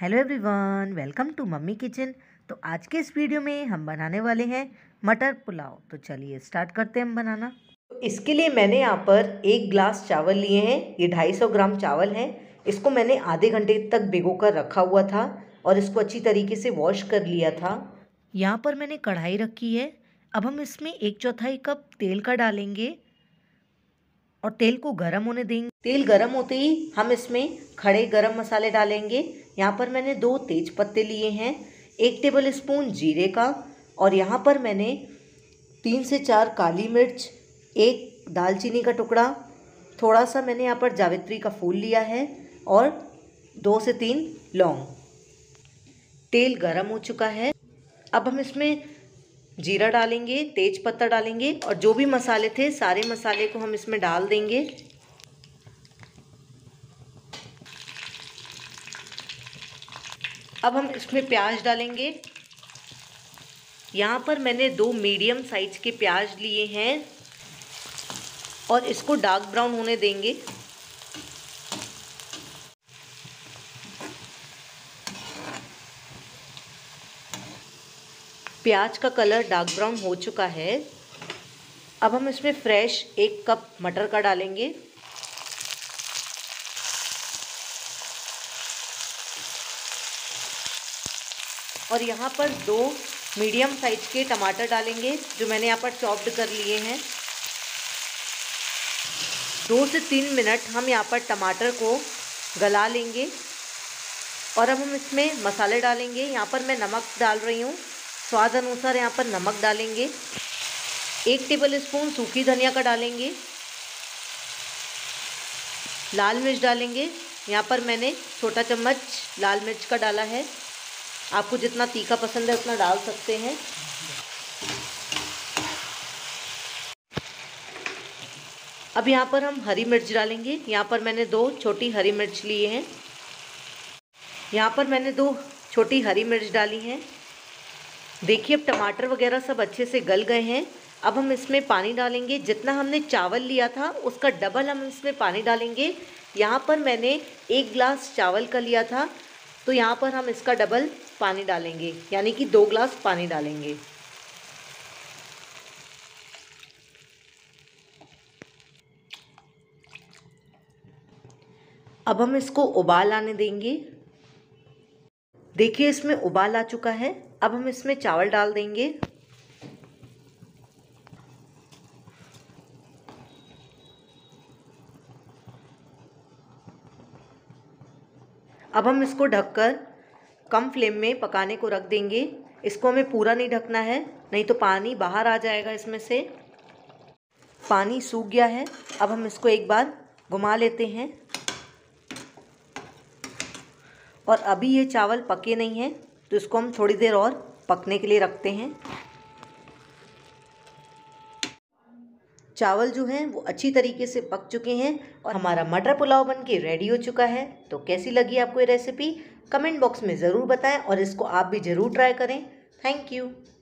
hello everyone welcome to mummy kitchen तो आज के इस वीडियो में हम बनाने वाले हैं मटर पुलाव तो चलिए स्टार्ट करते हैं हम बनाना तो इसके लिए मैंने यहाँ पर एक ग्लास चावल लिए हैं ये 250 ग्राम चावल हैं इसको मैंने आधे घंटे तक भिगो कर रखा हुआ था और इसको अच्छी तरीके से वॉश कर लिया था यहाँ पर मैंने कढ़ाई रखी है अब हम इसमें एक चौथाई कप तेल का डालेंगे और तेल को गर्म होने देंगे तेल गर्म होते ही हम इसमें खड़े गर्म मसाले डालेंगे यहाँ पर मैंने दो तेज पत्ते लिए हैं एक टेबल स्पून जीरे का और यहाँ पर मैंने तीन से चार काली मिर्च एक दालचीनी का टुकड़ा थोड़ा सा मैंने यहाँ पर जावित्री का फूल लिया है और दो से तीन लौंग तेल गर्म हो चुका है अब हम इसमें जीरा डालेंगे तेज पत्ता डालेंगे और जो भी मसाले थे सारे मसाले को हम इसमें डाल देंगे अब हम इसमें प्याज डालेंगे यहाँ पर मैंने दो मीडियम साइज के प्याज लिए हैं और इसको डार्क ब्राउन होने देंगे प्याज का कलर डार्क ब्राउन हो चुका है अब हम इसमें फ्रेश एक कप मटर का डालेंगे और यहाँ पर दो मीडियम साइज के टमाटर डालेंगे जो मैंने यहाँ पर चॉप्ड कर लिए हैं दो से तीन मिनट हम यहाँ पर टमाटर को गला लेंगे और अब हम इसमें मसाले डालेंगे यहाँ पर मैं नमक डाल रही हूँ स्वाद अनुसार यहाँ पर नमक डालेंगे एक टेबल स्पून सूखी धनिया का डालेंगे लाल मिर्च डालेंगे यहाँ पर मैंने छोटा चम्मच लाल मिर्च का डाला है आपको जितना तीखा पसंद है उतना डाल सकते हैं अब यहाँ पर हम हरी मिर्च डालेंगे यहाँ पर मैंने दो छोटी हरी मिर्च लिए हैं यहाँ पर मैंने दो छोटी हरी मिर्च डाली हैं देखिए अब टमाटर वगैरह सब अच्छे से गल गए हैं अब हम इसमें पानी डालेंगे जितना हमने चावल लिया था उसका डबल हम इसमें पानी डालेंगे यहाँ पर मैंने एक ग्लास चावल का लिया था तो यहाँ पर हम इसका डबल पानी डालेंगे यानी कि दो ग्लास पानी डालेंगे अब हम इसको उबाल आने देंगे देखिए इसमें उबाल आ चुका है अब हम इसमें चावल डाल देंगे अब हम इसको ढककर कम फ्लेम में पकाने को रख देंगे इसको हमें पूरा नहीं ढकना है नहीं तो पानी बाहर आ जाएगा इसमें से पानी सूख गया है अब हम इसको एक बार घुमा लेते हैं और अभी ये चावल पके नहीं हैं तो इसको हम थोड़ी देर और पकने के लिए रखते हैं चावल जो हैं वो अच्छी तरीके से पक चुके हैं और हमारा मटर पुलाव बन के रेडी हो चुका है तो कैसी लगी आपको ये रेसिपी कमेंट बॉक्स में ज़रूर बताएं और इसको आप भी ज़रूर ट्राई करें थैंक यू